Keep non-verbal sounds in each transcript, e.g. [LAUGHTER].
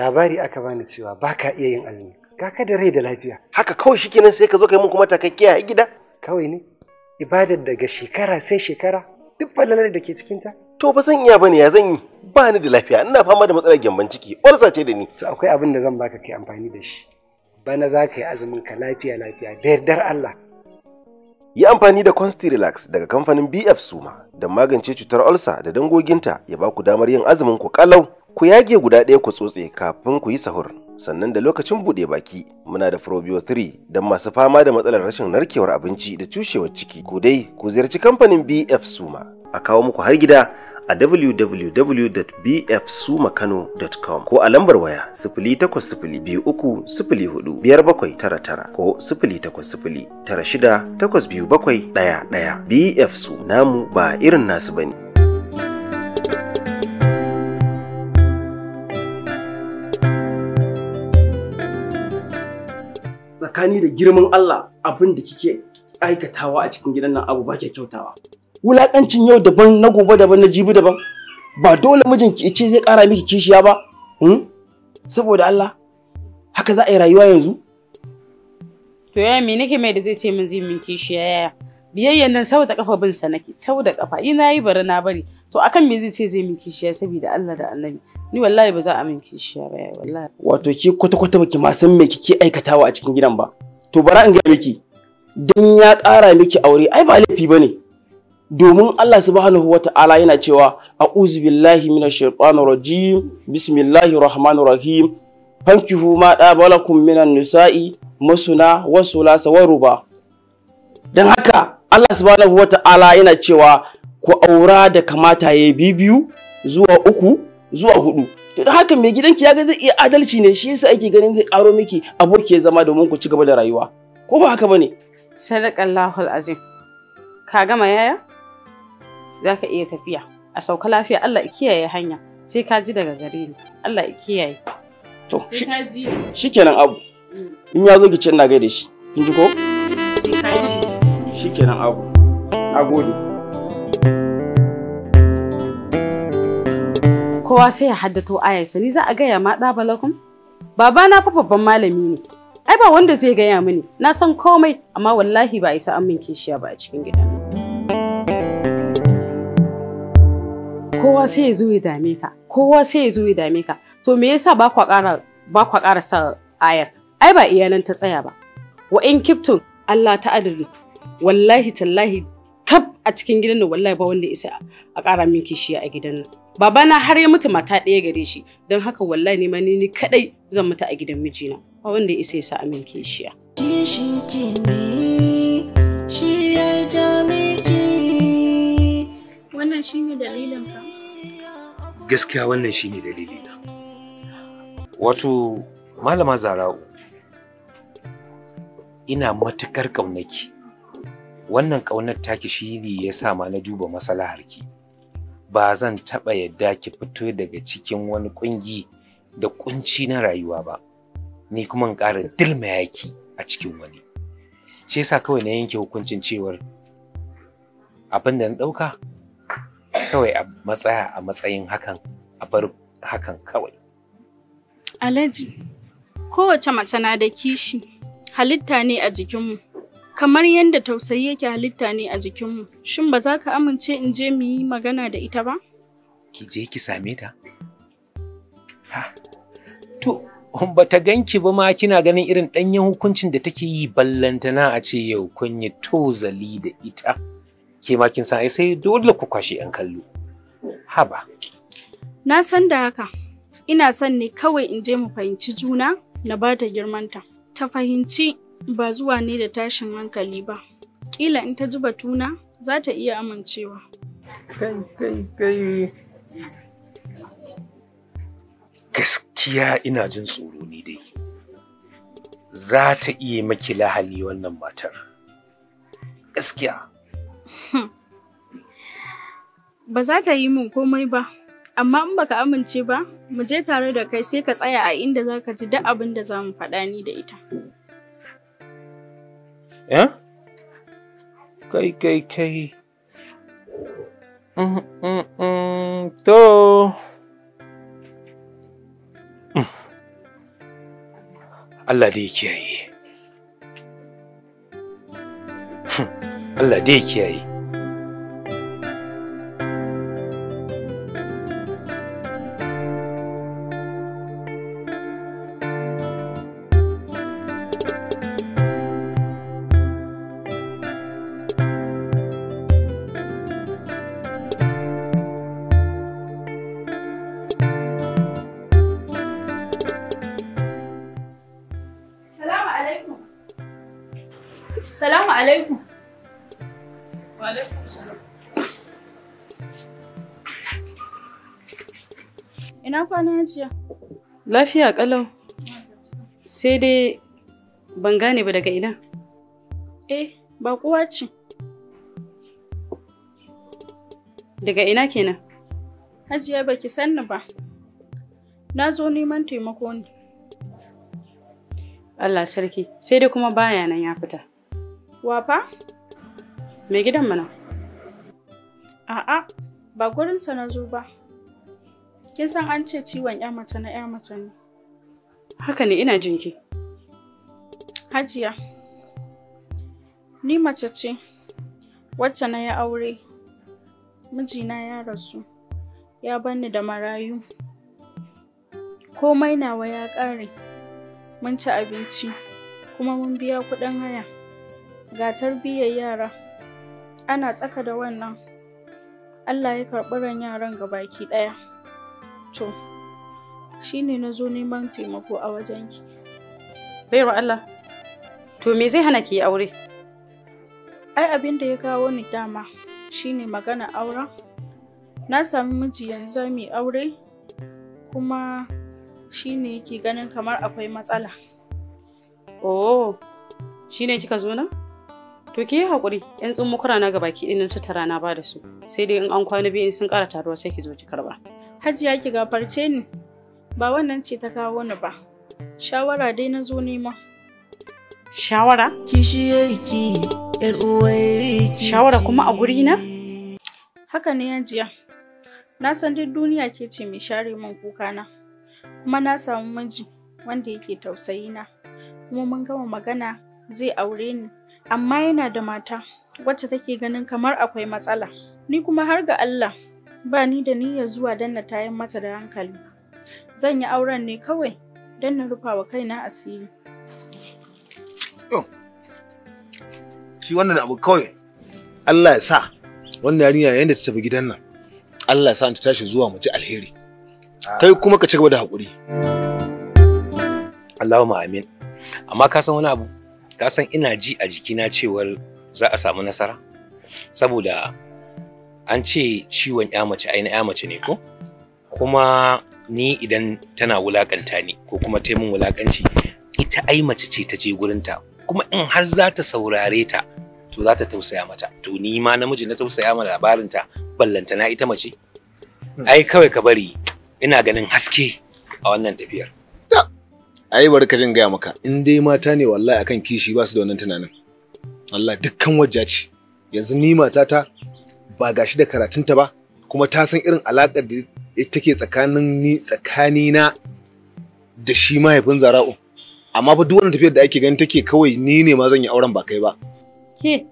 labari aka bani cewa baka iya yin azumi kaka da rai da lafiya haka kawai shikenan sai ka zo kai mun kuma takakkiya a gida kawai ne ibadar daga shekara sai shekara duk falalar da ke cikin ta to ba zan iya bane ya zan yi ba ni da lafiya ina fama da matsalar gyamban ciki ƙwarsa ce da ni to akwai abin da zan baka kai amfani da shi bana za ka yi azumin ka lafiya lafiya da yardar Allah yi amfani da consti relax daga kamfanin bf suma don magance cutar olsa da dangoginta ya ba ku damar yin azumin ku kalau Ku yage guda ɗaya ku tsotse kafin ku yi sahur, sannan da lokacin buɗe baki muna da Probio 3 don masu fama da matsalar rashin narkewar abinci da cushewar ciki. Ku dai ku ziyarci kamfanin BF Suma a kawo muku har gida a www.bfsumakano.com ko a lambar waya tara; ko shida ɗaya. BF Su namu ba irin nasu bane. tsakani da girman Allah abin da kike aikatawa a cikin gidan nan abu ba ke kyautawa wulakancin yau daban na gobe daban na jibi daban ba dole mijinki ce zai ƙara miki kishiya ba hmm? saboda Allah haka za a yi rayuwa yanzu to yaya me nake mai da zai ce min zai min kishiya yaya biyayyan nan saboda kafa bin sa nake saboda kafa ina yi bari na bari to akan me zai ce zai min kishiya saboda Allah da Annabi ni wallahi ba za a min kishiya ba wallahi wato ki kwata kwata baki ma san me kike aikatawa a cikin gidan ba to bara in ga miki dan ya ƙara miki aure ai ba laifi bane domin Allah subhanahu wata'ala yana cewa a'udhu billahi minash shaitanir rajim bismillahir rahmanir rahim fankihu ma balakum minan nisa'i masuna wa ruba dan haka Allah subhanahu wata'ala yana cewa ku aura da kamata ya bibiyu zuwa uku zuwa hudu to da haka mai gidanki ya ga zai iya adalci ne shi yasa ake ganin zai karo miki aboki ya zama domin ku ci gaba da rayuwa ko ba haka bane sadaqallahul azim ka gama yaya zaka iya tafiya a sauka lafiya Allah ya kiyaye hanya sai ka ji daga gare ni Allah ya kiyaye to shikenan abu mm. in ya zo ki ci ina gaida shi kin ji ko shikenan abu nagode kowa sai ya haddato ayarsa ni za a gaya ma ɗa balakum baba na fa babban malami ne ai ba wanda zai gaya mini na san komai amma wallahi ba isa an min kishiya ba a cikin gidan kowa sai ya zo ya dame ka kowa sai ya zo ya dame ka to me yasa ba kwa ƙara ba kwa ƙara sa ayar ai ba iyalan ta tsaya ba wa in kiftun Allah ta adali wallahi tallahi a cikin gidan nan wallahi ba wanda isa a ƙara min kishiya a gidan nan babana har ya mutu mata ɗaya gare shi don haka wallahi ne ma ni ni kadai zan mutu a gidan mijina ba wanda isa ya sa a min kishiya Wannan shi ne wannan shine dalilin ka gaskiya wannan ne dalilin wato malama zara'u ina matukar ƙaunaki wannan ƙaunar taki shi ne ya sa ma na duba ki. ba zan taɓa yadda ki fito daga cikin wani ƙungi da ƙunci na rayuwa ba ni kuma in ƙara dilma yaki a cikin wani shi yasa kawai na yanke hukuncin cewar abin da na ɗauka kawai a matsaya a matsayin hakan a bar hakan kawai alhaji kowace mace na da kishi halitta ne a jikinmu kamar yadda tausayi yake halitta ne a jikinmu shin ba za ka amince in je mu yi magana da ita ba ki je ki same ta ha to [LAUGHS] ba ta ganki ba ma kina ganin irin ɗanyen hukuncin da take yi ballantana a ce yau kun yi tozali da ita ke ma kin san sai dole ku kwashe yan kallo haba na san da haka ina son ne kawai in je mu fahimci juna na ba ta girmanta ta fahimci ba zuwa ne da tashin hankali ba ƙila in ta ji batuna za ta iya amincewa kai kai kai gaskiya ina jin tsoro ni dai za ta iya maki lahali wannan matar gaskiya hmm. ba za ta yi min komai ba amma in baka amince ba mu je tare da kai sai ka tsaya a inda za ka ji duk abin da za mu faɗa ni da ita eh kai kai kai mm, mm, mm, to Allah dai kiyaye [LAUGHS] Allah dai kiyaye alaikum. Wa alaikum salam. Ina kwana hajiya? Lafiya kalau. Sai dai ban gane ba daga ina. Eh, ba kuwa ce. Daga ina kenan? Hajiya baki sanni ba. Na zo neman taimako ne. Allah sarki, sai dai kuma baya nan ya fita. Wafa? Mai gidan mana? A'a, ba gurinsa na zo ba. Kin san an ce ciwon ‘ya mace na ‘ya mace ne. Haka ne ina jinki. Hajiya, ni mace ce, wacce na ya aure, mijina ya rasu, ya banni da marayu. Komai nawa ya ƙare, mun ci abinci, kuma mun biya kuɗin haya. ga tarbiyyar yara ana tsaka da wannan allah ya karɓi ran yaran baki ɗaya to shine na zo neman taimako a wajenki baiwa allah to me zai hana ki yi aure ai abin da ya kawo ni dama shine magana auren na sami miji yanzu mai aure kuma shine yake ganin kamar akwai matsala oh Shi ne kika zo nan To ki yi haƙuri, ‘yan tsummukura na gabaki ki ta tattara na ba da su, sai dai in an kwana biyu in sun ƙara taruwa sai ki zo ki karɓa. Hajiya ki gafarce ni, ba wannan ce ta kawo ni ba, shawara dai na zo nema. Shawara? Kishiyarki, ‘yar uwar Shawara kuma a guri na? Haka ne hajiya, na san duk duniya ke ce mai share min na, kuma na samu miji wanda yake tausayi na, kuma mun gama magana zai aure ni. amma yana da mata wacce take ganin kamar akwai matsala. Ni kuma har ga Allah ba ni da niyyar zuwa don na tayan mata da hankali. Zan yi auren ne kawai don na rufa wa kaina asiri. Shi wannan abu kawai Allah ya sa wannan yarinya yayin da ta tafi gidan nan Allah ya sa ta tashi zuwa mu ji alheri. Kai kuma ka ci gaba da haƙuri. Allahumma amin. Amma ka san wani abu? ka san ina ji a jikina cewar za a samu nasara saboda an ce ciwon ya mace ai mace ne ko kuma ni idan tana wulakanta ni ko kuma ta mun wulakanci ita ai mace ce ta je gurinta kuma in har za ta saurare ta to za ta tausaya mata to ni ma namiji na tausaya ma labarinta ballanta na ita mace hmm. ai kawai ka bari ina ganin haske a wannan tafiyar ai bari ka jin gaya maka in dai mata ne wallahi akan kishi ba su da wannan tunanin wallahi dukkan wajja ce yanzu ni matata ba gashi da karatunta ba kuma ta san irin alakar da take tsakanin ni tsakanina da shi mahaifin zara'u amma fa duk wannan tafiyar da ake ganin take kawai ni ne ma zan yi auren ba kai ba ke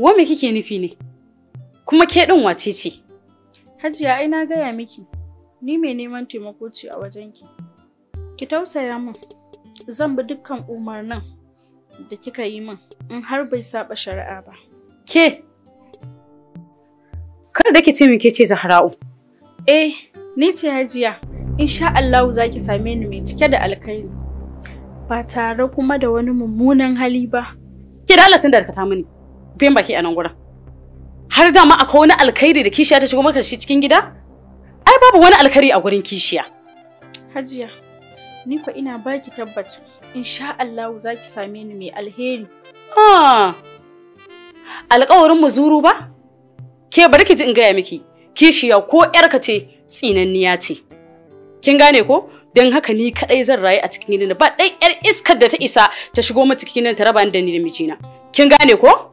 wa me kike nufi ne kuma ke din wace ce hajiya ai na gaya miki ni mai neman taimako ce a wajenki ki ki tausaya min zan bi dukkan umarnin da kika yi min in har bai saba shari'a ba ke kada da ki ce min ke ce zahra'u eh ni ce hajiya insha Allah za ki same ni mai cike da alkhairi ba tare kuma da wani mummunan hali ba ki dalatin da ka mini bin baki a nan gura. har dama akwai wani alkhairi da kishiya ta shigo maka shi cikin gida ai babu wani alkhairi a gurin kishiya hajiya Ni ko ina baki tabbaci insha Allah za ki same ni mai alheri. Ah! Alƙawarin mu zuru ba? Ke bari ki ji in gaya miki. Kishiya ko ƴarka ce tsinanniya ce. Kin gane ko? Don haka ni kadai zan rayu a cikin gidan ba ɗai ƴar iskar da ta isa ta shigo mu cikin gidan ta raba ni da ni da mijina. Kin gane ko?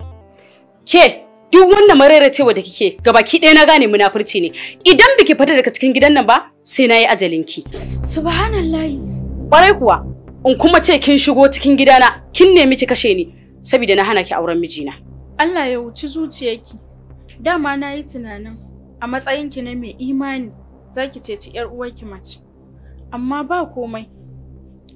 Ke, duk wannan marera cewa da kike gabaki ɗaya na gane munafurci ne idan biki fada daga cikin gidan nan ba sai na yi ajalinki subhanallahi Kwarai kuwa, in kuma ce kin shigo cikin gidana, kin nemi ki kashe ni, saboda na hana ki auren mijina. Allah ya wuci zuciyarki. Dama na yi tunanin a matsayinki na mai imani za ki ceci ‘yar uwarki mace. Amma ba komai,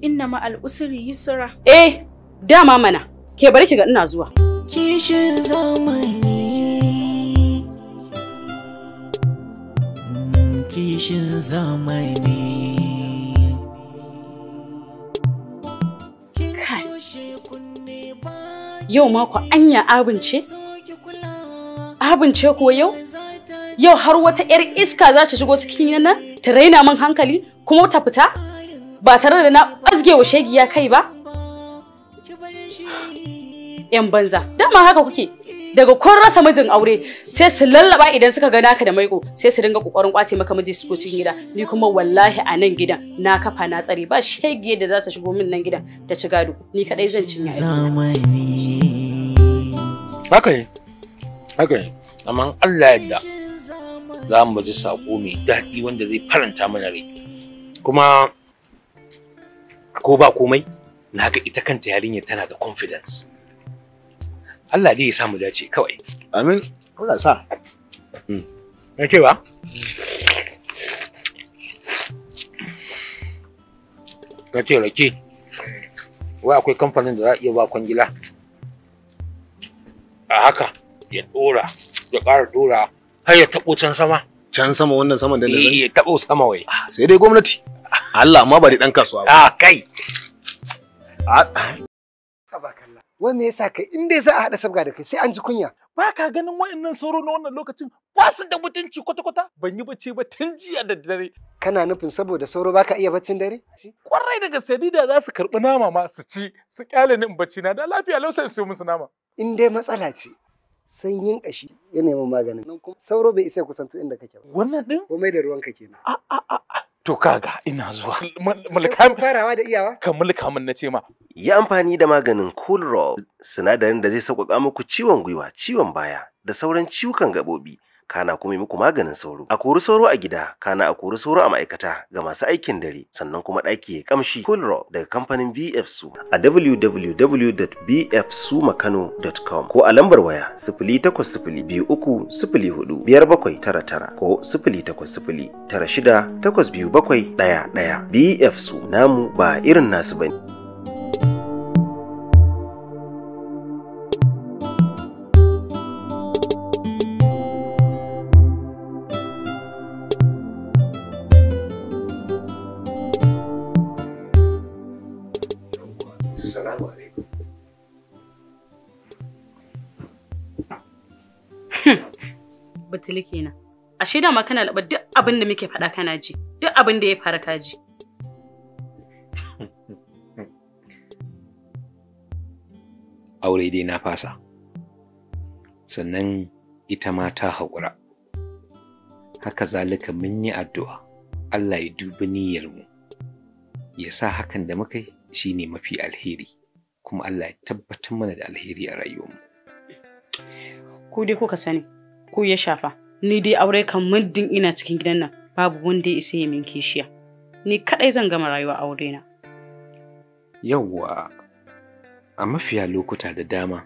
inna ma alusiri yusra. Eh, dama mana, ke bari ki ga ina zuwa. Kishin zamani. Hmm, kishin zamani. yau ma ku anya abince abince kuwa yau yau har wata 'yar iska za ta shigo cikin nan ta raina min hankali kuma ta fita ba tare da na ɓazge wa shegiya kai ba 'yan banza dama haka kuke daga kun rasa mijin aure sai su lallaba idan suka ga naka da maiko sai su dinga kokarin kwace maka miji su cikin gida ni kuma wallahi a nan gidan na kafa na tsare ba shege da za ta shigo min nan gidan da ci gado ni kadai zan ya zamani haka yi haka yi amma Allah yadda za mu ji sako mai daɗi wanda zai faranta mana rai kuma ko ba komai na ga ita kanta yarinya tana da confidence Allah dai ya samu dace kawai. Amin. Allah sa. Hmm. Na ce ba? Na ce rake. Wai akwai kamfanin da za a iya ba kwangila. A haka ya ɗora, ya ƙara ɗora, har ya taɓo can sama. Can sama wannan saman da nan? zan? Eh, ya taɓo sama wai. Sai dai gwamnati. Allah amma ba da ɗan kasuwa ba. Ah kai. Ah, wai ya yasa ka in dai za a haɗa sabga da kai sai an ji kunya ba ka ganin wa'annan sauro na wannan lokacin ba su da mutunci kwata-kwata ban yi bacci ba tun jiya da dare kana nufin saboda sauro baka iya baccin dare kwarai daga sadida da za su karɓi nama ma su ci su kyale ni in bacci na da lafiya lausa su musu nama in dai matsala ce sanyin ƙashi ya nemi maganin sauro bai isa kusantu inda kake ba wannan din komai da ruwanka kenan a a a to kaga ina zuwa mulka farawa da iyawa kan mulkamin na ce ma yi amfani da maganin cool roll sinadarin da zai sauƙaƙa muku ciwon gwiwa ciwon baya da sauran ciwukan gaɓoɓi kana kuma muku maganin sauro a kori sauro a gida kana a kori sauro a ma'aikata ga masu aikin dare sannan kuma ɗaki ya kamshi kulro daga kamfanin bf su a www.bfsumakano.com ko a lambar waya hudu biyar tara tara ko tara shida takwas biyu bakwai ɗaya ɗaya bf su namu ba irin nasu bane fitili kenan. Ashe da ma kana laɓa duk abin da muke faɗa kana ji, duk abin da ya fara ka ji. [LAUGHS] Aure dai na fasa, sannan ita ma ta haƙura. Haka zalika mun yi addu'a, Allah ya dubi niyyarmu, ya sa hakan da muka yi shi ne mafi alheri, kuma Allah ya tabbatar mana da alheri a rayuwarmu. Ku dai kuka sani. ko ya shafa ni dai aure kan muddin ina cikin gidan nan babu wanda ya isa ya min kishiya ni kadai zan gama rayuwa aure na yawwa a mafiya lokuta da dama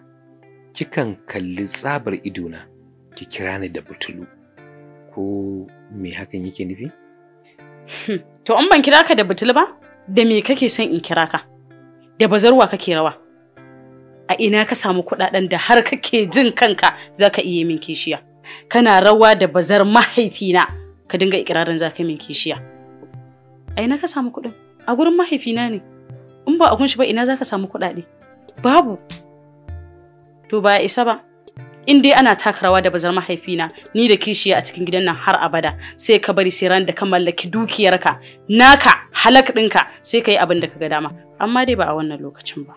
kikan kalli tsabar idona ki kira ni da butulu ko me hakan yake nufi hmm, to an ban kira ka da butulu ba da me kake son in kira ka da bazarwa kake rawa a ina ka samu kudaden da har kake jin kanka zaka iya min kishiya kana rawa da bazar mahaifina ka dinga ikirarin zaka min kishiya ai na ka samu kuɗin a gurin mahaifina ne in ba a ba ina zaka samu kuɗaɗe babu to ba isa ba in dai ana taka rawa da bazar mahaifina ni da kishiya a cikin gidan nan har abada sai ka bari sai ran da ka mallaki dukiyarka naka halak ɗinka sai ka yi abin da ka ga dama amma dai ba a wannan lokacin ba.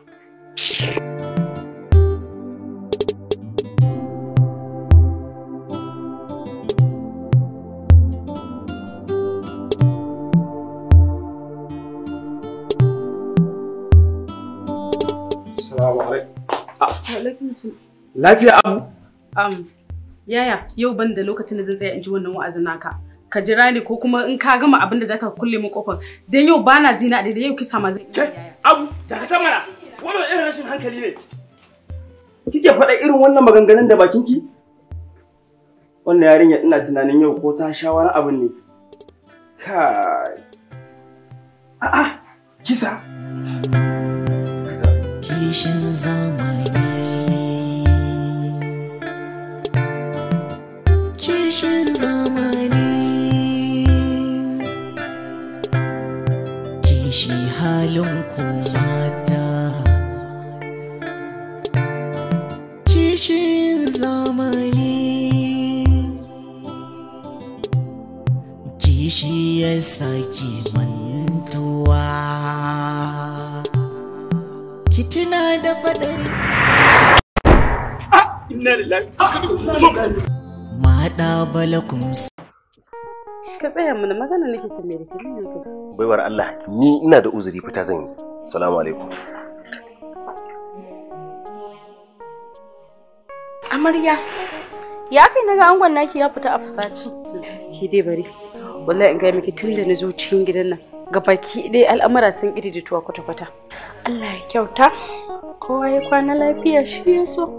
Salisu. Lafiya Abu? Um, yaya, yau ban da lokacin da zan tsaya in ji wannan wa'azin naka. Ka jira ni ko kuma in ka gama abin da zaka kulle min kofar. Dan yau bana zina da yau kisa ma zai. Abu, da ka mana. Wannan irin rashin hankali ne. Kike faɗa irin wannan maganganun da bakin ki? Wannan yarinya ina tunanin yau ko ta sha wani abin ne. Kai. A'a, kisa. Kishin zamani. shi ya saki mantuwa kitina da ma Maɗa balakum Ka tsaya mana magana nake son mai rikirin yanzu. Baiwar Allah, ni ina da uzuri fita zan yi. Salamu alaikum. Amarya, ya kai na ga angon naki ya fita a fusaci. Ki dai bari. wallahi in ga miki tun da na zo cikin gidan nan ga baki dai al'amura sun tuwa kwata-kwata Allah ya kyauta kowa ya kwana lafiya shi ya so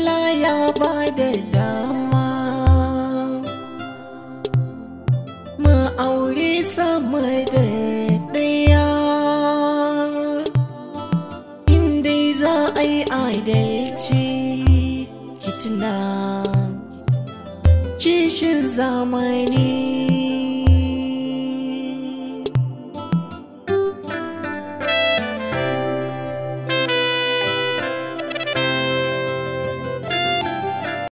da dama mu aure sama da ɗaya inda za a yi adalci kitna kishin zamani